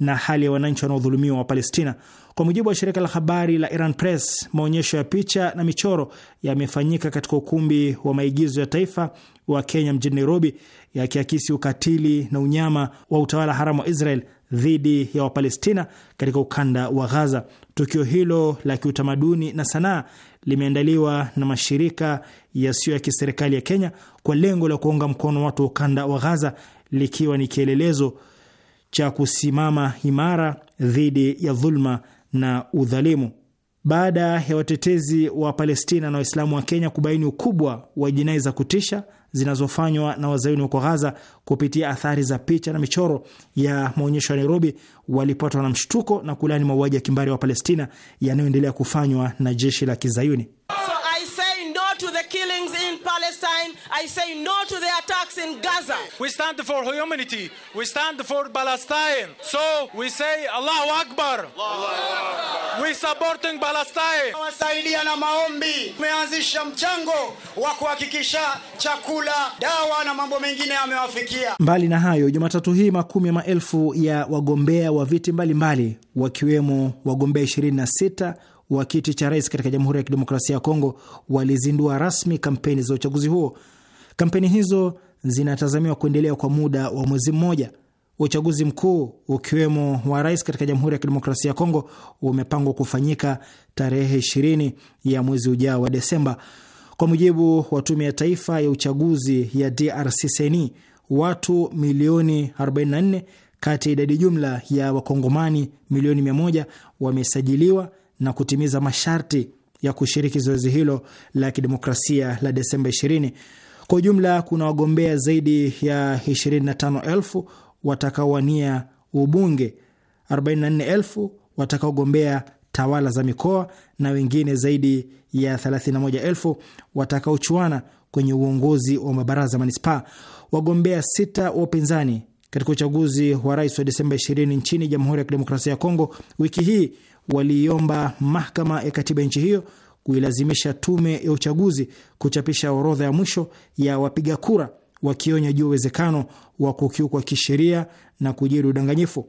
na hali ya wananchi wanaodhulumiwa wa Palestina. Kwa mujibu wa shirika la habari la Iran Press, maonyesho ya picha na michoro yamefanyika katika ukumbi wa maigizo ya taifa wa Kenya mjini Nairobi, yakiakisi ukatili na unyama wa utawala haramu wa Israel dhidi ya Wapalestina katika ukanda wa Ghaza. Tukio hilo la kiutamaduni na sanaa limeandaliwa na mashirika yasiyo ya kiserikali ya Kenya kwa lengo la kuunga mkono watu wa ukanda wa Ghaza, likiwa ni kielelezo cha kusimama imara dhidi ya dhulma na udhalimu. Baada ya watetezi wa Palestina na Waislamu wa Kenya kubaini ukubwa wa jinai za kutisha zinazofanywa na wazayuni huko Ghaza kupitia athari za picha na michoro ya maonyesho ya Nairobi, walipatwa na mshtuko na kulani mauaji ya kimbari wa Palestina yanayoendelea kufanywa na jeshi la kizayuni time, I say no to the attacks in Gaza. We stand for humanity. We stand for Palestine. So we say Allahu Akbar. We supporting Palestine. Wasaidia na maombi. Tumeanzisha mchango wa kuhakikisha chakula, dawa na mambo mengine yamewafikia. Mbali na hayo, Jumatatu hii makumi ya maelfu ya wagombea wa viti mbalimbali wakiwemo wagombea 26 wa kiti cha rais katika Jamhuri ya Kidemokrasia ya Kongo walizindua rasmi kampeni za uchaguzi huo. Kampeni hizo zinatazamiwa kuendelea kwa muda wa mwezi mmoja. Uchaguzi mkuu ukiwemo wa rais katika Jamhuri ya Kidemokrasia ya Kongo umepangwa kufanyika tarehe 20 ya mwezi ujao wa Desemba. Kwa mujibu wa Tume ya Taifa ya Uchaguzi ya DRC seni watu milioni 44 kati ya idadi jumla ya Wakongomani milioni 100 wamesajiliwa na kutimiza masharti ya kushiriki zoezi hilo la kidemokrasia la Desemba 20. Kwa ujumla kuna wagombea zaidi ya 25,000 watakaowania ubunge, 44,000 watakaogombea tawala za mikoa na wengine zaidi ya 31,000 watakaochuana kwenye uongozi wa mabaraza manispaa. Wagombea sita wa upinzani katika uchaguzi wa rais wa Desemba 20 nchini Jamhuri ya Kidemokrasia ya Kongo wiki hii waliiomba mahakama ya katiba nchi hiyo kuilazimisha tume ya uchaguzi kuchapisha orodha ya mwisho ya wapiga kura, wakionya juu uwezekano wa kukiukwa kisheria na kujiri udanganyifu.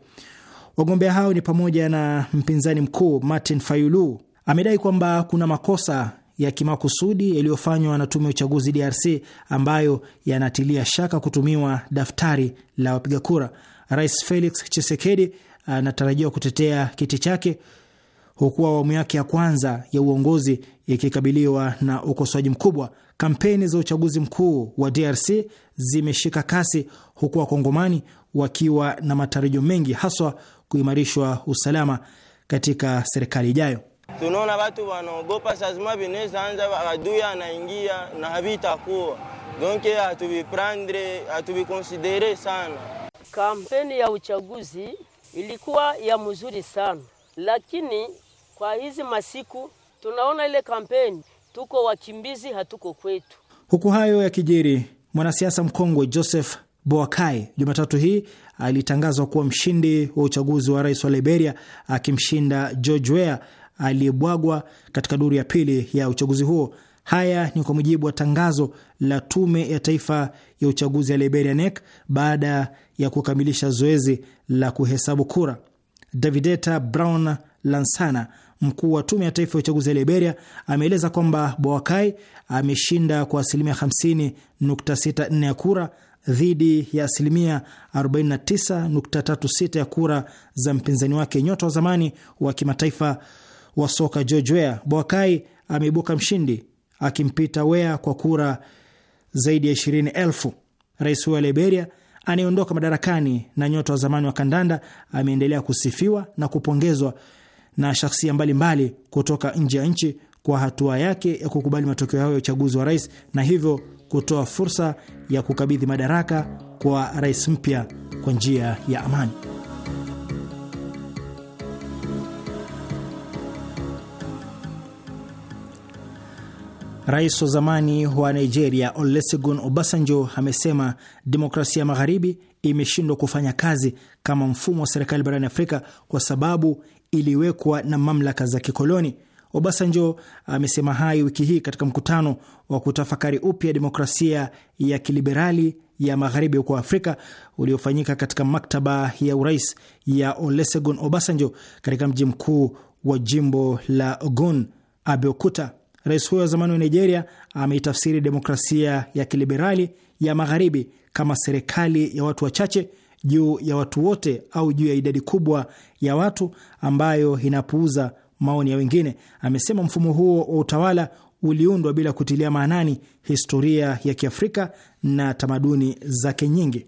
Wagombea hao ni pamoja na mpinzani mkuu Martin Fayulu amedai kwamba kuna makosa ya kimakusudi yaliyofanywa na tume ya uchaguzi DRC ambayo yanatilia shaka kutumiwa daftari la wapiga kura. Rais Felix chisekedi anatarajiwa kutetea kiti chake huku awamu yake ya kwanza ya uongozi ikikabiliwa na ukosoaji mkubwa. Kampeni za uchaguzi mkuu wa DRC zimeshika kasi, huku wakongomani wakiwa na matarajio mengi, haswa kuimarishwa usalama katika serikali ijayo. Tunaona watu wanaogopa sazima, vinaweza anza adui anaingia na havitakuwa donke, hatuviprendre hatuvikonsidere sana. Kampeni ya uchaguzi ilikuwa ya mzuri sana, lakini kwa hizi masiku tunaona ile kampeni, tuko wakimbizi, hatuko kwetu. Huku hayo yakijiri, mwanasiasa mkongwe Joseph Boakai Jumatatu hii alitangazwa kuwa mshindi wa uchaguzi wa rais wa Liberia, akimshinda George Weah aliyebwagwa katika duru ya pili ya uchaguzi huo. Haya ni kwa mujibu wa tangazo la tume ya taifa ya uchaguzi ya Liberia, NEC, baada ya kukamilisha zoezi la kuhesabu kura. Davideta Brown Lansana mkuu wa tume ya taifa ya uchaguzi ya Liberia ameeleza kwamba Boakai ameshinda kwa asilimia 50.64 ya kura dhidi ya asilimia 49.36 ya kura za mpinzani wake nyota wa zamani wa kimataifa wa soka George Weah. Boakai ameibuka mshindi akimpita Weah kwa kura zaidi ya 20,000. Rais huyo wa Liberia anayeondoka madarakani na nyota wa zamani wa kandanda ameendelea kusifiwa na kupongezwa na shahsia mbalimbali kutoka nje ya nchi kwa hatua yake ya kukubali matokeo hayo ya uchaguzi wa rais na hivyo kutoa fursa ya kukabidhi madaraka kwa rais mpya kwa njia ya amani. Rais wa zamani wa Nigeria Olusegun Obasanjo amesema demokrasia ya magharibi imeshindwa kufanya kazi kama mfumo wa serikali barani Afrika kwa sababu iliwekwa na mamlaka za kikoloni. Obasanjo amesema hayo wiki hii katika mkutano wa kutafakari upya demokrasia ya kiliberali ya magharibi huko Afrika uliofanyika katika maktaba ya urais ya Olusegun Obasanjo katika mji mkuu wa jimbo la Ogun, Abeokuta. Rais huyo wa zamani wa Nigeria ameitafsiri demokrasia ya kiliberali ya magharibi kama serikali ya watu wachache juu ya watu wote au juu ya idadi kubwa ya watu ambayo inapuuza maoni ya wengine. Amesema mfumo huo wa utawala uliundwa bila kutilia maanani historia ya Kiafrika na tamaduni zake nyingi.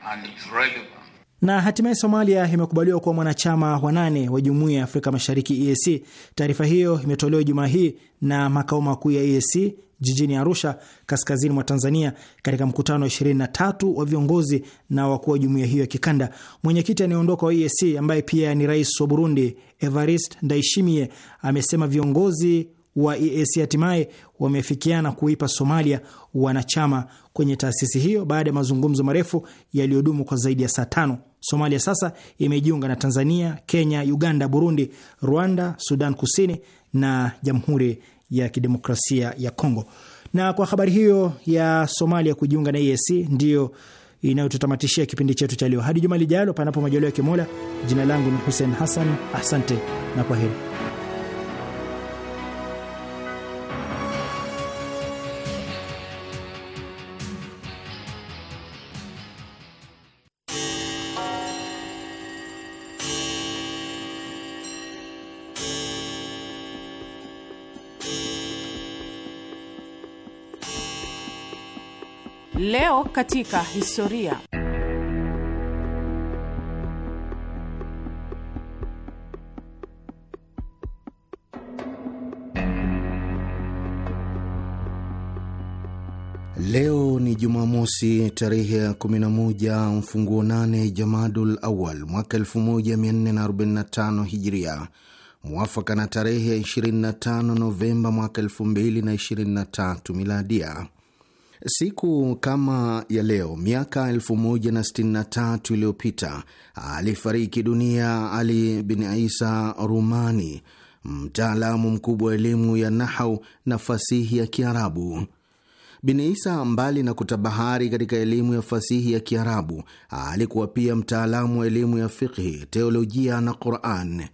and its relevance. Na hatimaye Somalia imekubaliwa kuwa mwanachama wa nane wa jumuiya ya Afrika Mashariki, EAC. Taarifa hiyo imetolewa Jumaa hii na makao makuu ya EAC jijini Arusha, kaskazini mwa Tanzania, katika mkutano wa 23 wa viongozi na wakuu wa jumuiya hiyo ya kikanda. Mwenyekiti anayeondoka wa EAC ambaye pia ni rais wa Burundi, evarist Ndaishimie, amesema viongozi wa EAC hatimaye wamefikiana kuipa Somalia wanachama kwenye taasisi hiyo baada ya mazungumzo marefu yaliyodumu kwa zaidi ya saa tano. Somalia sasa imejiunga na Tanzania, Kenya, Uganda, Burundi, Rwanda, Sudan Kusini na Jamhuri ya Kidemokrasia ya Kongo. Na kwa habari hiyo ya Somalia kujiunga na EAC ndiyo inayotutamatishia kipindi chetu cha leo. Hadi juma lijalo, panapo majaliwa ya Kimola. Jina langu ni Hussein Hassan, asante na kwaheri. katika historia. Leo ni Jumamosi, tarehe ya 11 mfunguo 8 Jamadul Awal mwaka 1445 Hijria, mwafaka na tarehe ya 25 Novemba mwaka 2023 Miladia. Siku kama ya leo miaka 1063 iliyopita alifariki dunia Ali bin Isa Rumani, mtaalamu mkubwa wa elimu ya nahau na fasihi ya Kiarabu. Bin Isa, mbali na kutabahari katika elimu ya fasihi ya Kiarabu, alikuwa pia mtaalamu wa elimu ya fiqhi, teolojia na Quran.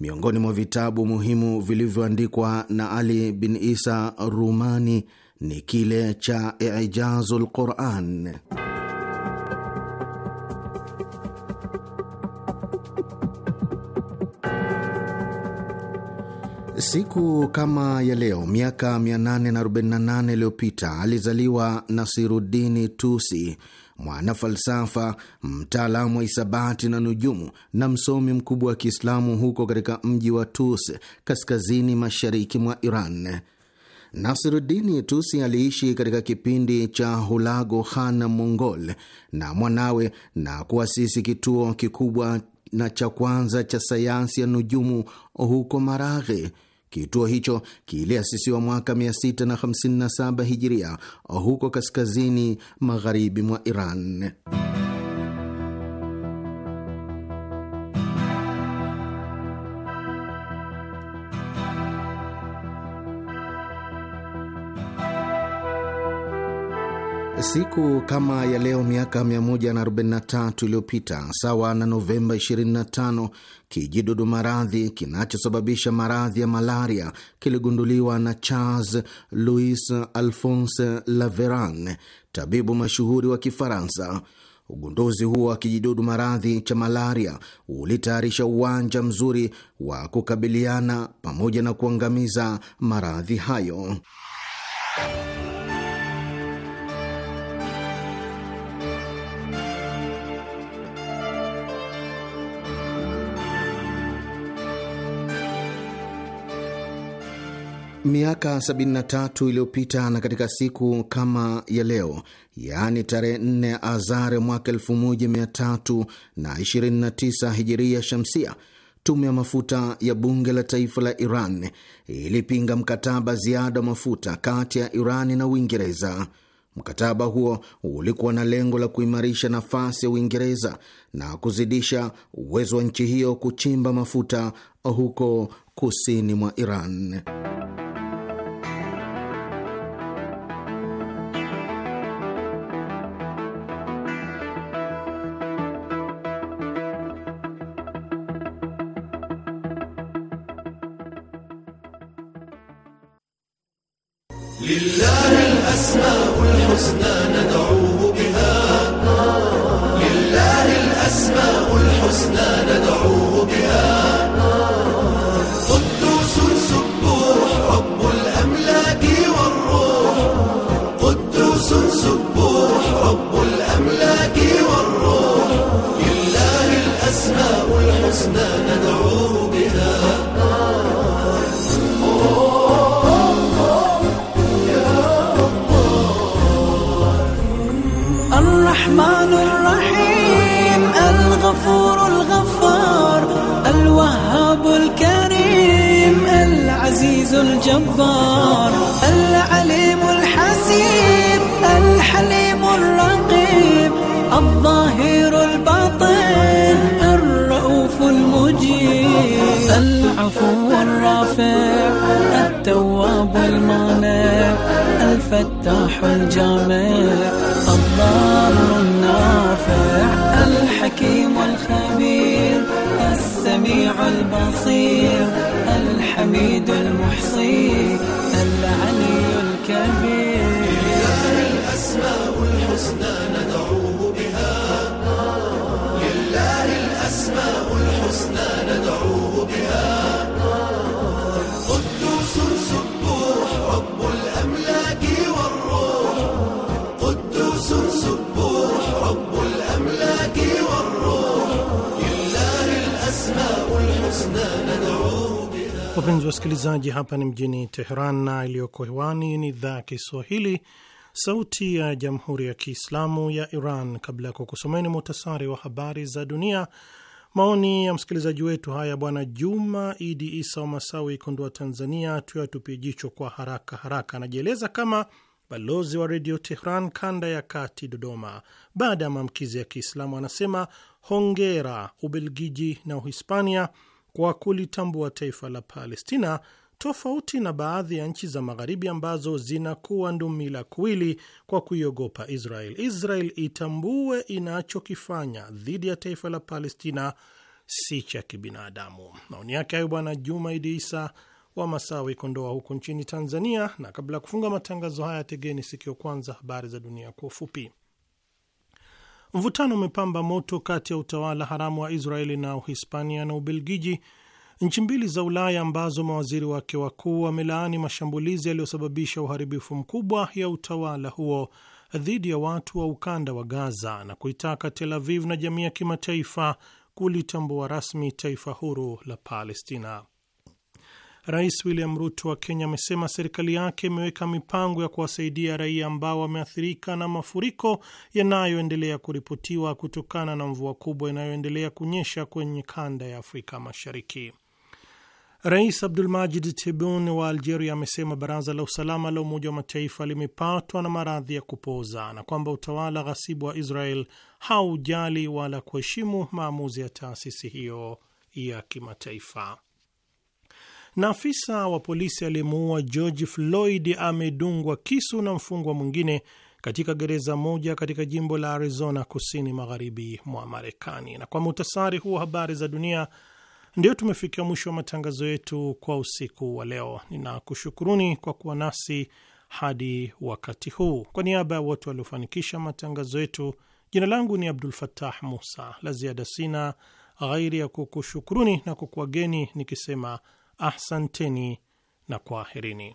Miongoni mwa vitabu muhimu vilivyoandikwa na Ali bin Isa Rumani ni kile cha Ijazu lQuran. Siku kama ya leo miaka 848 iliyopita alizaliwa Nasiruddini Tusi, mwana falsafa, mtaalamu wa hisabati na nujumu na msomi mkubwa wa Kiislamu huko katika mji wa Tus kaskazini mashariki mwa Iran. nasirudini Tusi aliishi katika kipindi cha Hulagu Khan Mongol na mwanawe na kuasisi kituo kikubwa na cha kwanza cha sayansi ya nujumu huko Maraghe. Kituo hicho kiliasisiwa mwaka 657 hijiria huko kaskazini magharibi mwa Iran. Siku kama ya leo miaka 143 iliyopita, sawa na Novemba 25, kijidudu maradhi kinachosababisha maradhi ya malaria kiligunduliwa na Charles Louis Alphonse Laveran, tabibu mashuhuri wa Kifaransa. Ugunduzi huo wa kijidudu maradhi cha malaria ulitayarisha uwanja mzuri wa kukabiliana pamoja na kuangamiza maradhi hayo. Miaka 73 iliyopita na katika siku kama ya leo, yaani tarehe 4 Azare mwaka 1329 hijiria shamsia, tume ya mafuta ya bunge la taifa la Iran ilipinga mkataba ziada wa mafuta kati ya iran na Uingereza. Mkataba huo ulikuwa na lengo la kuimarisha nafasi ya Uingereza na kuzidisha uwezo wa nchi hiyo kuchimba mafuta huko kusini mwa Iran. الحسنى ندعوه بها لله الأسماء الحسنى ندعوه بها قدوس سبوح رب الأملاك والروح قدوس سبوح رب الأملاك والروح لله الأسماء الحسنى ندعوه بها wasikilizaji, hapa ni mjini تهران na iliyoko hewani ni Kiswahili sauti ya jamhuri ya Kiislamu ya Iran. Kabla ya kukusomeni muhtasari wa habari za dunia, maoni ya msikilizaji wetu haya, Bwana Juma Idi Isa wa Masawi, Kondoa, Tanzania, tuyatupie jicho kwa haraka haraka. Anajieleza kama balozi wa redio Tehran kanda ya kati Dodoma, baada ya maamkizi ya Kiislamu. Anasema hongera Ubelgiji na Uhispania kwa kulitambua taifa la Palestina tofauti na baadhi ya nchi za magharibi ambazo zinakuwa ndumila kuwili kwa kuiogopa Israel. Israel itambue inachokifanya dhidi ya taifa la Palestina si cha kibinadamu. Maoni yake hayo Bwana Juma Idi Isa wa Masawi, Kondoa, huko nchini Tanzania. Na kabla ya kufunga matangazo haya, tegeni sikio kwanza habari za dunia kwa ufupi. Mvutano umepamba moto kati ya utawala haramu wa Israeli na Uhispania na Ubelgiji Nchi mbili za Ulaya ambazo mawaziri wake wakuu wamelaani mashambulizi yaliyosababisha uharibifu mkubwa ya utawala huo dhidi ya watu wa ukanda wa Gaza na kuitaka Tel Aviv na jamii ya kimataifa kulitambua rasmi taifa huru la Palestina. Rais William Ruto wa Kenya amesema serikali yake imeweka mipango ya kuwasaidia raia ambao wameathirika na mafuriko yanayoendelea kuripotiwa kutokana na mvua kubwa inayoendelea kunyesha kwenye kanda ya Afrika Mashariki. Rais Abdulmajid Tebboune wa Algeria amesema baraza la usalama la Umoja wa Mataifa limepatwa na maradhi ya kupoza na kwamba utawala ghasibu wa Israel haujali wala kuheshimu maamuzi ya taasisi hiyo ya kimataifa. Na afisa wa polisi aliyemuua George Floyd amedungwa kisu na mfungwa mwingine katika gereza moja katika jimbo la Arizona kusini magharibi mwa Marekani. Na kwa muhtasari huo habari za dunia ndio tumefikia mwisho wa matangazo yetu kwa usiku wa leo. Ninakushukuruni kwa kuwa nasi hadi wakati huu. Kwa niaba ya wote waliofanikisha matangazo yetu, jina langu ni Abdul fatah Musa. La ziada sina ghairi ya kukushukuruni na kukuageni nikisema ahsanteni na kwaherini.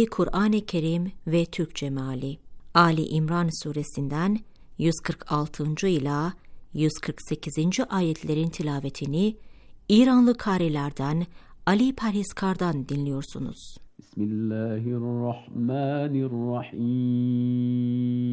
Meali Kur'an-ı Kerim ve Türkçe Meali Ali İmran suresinden 146. ila 148. ayetlerin tilavetini İranlı karilerden Ali Perhiskar'dan dinliyorsunuz. Bismillahirrahmanirrahim.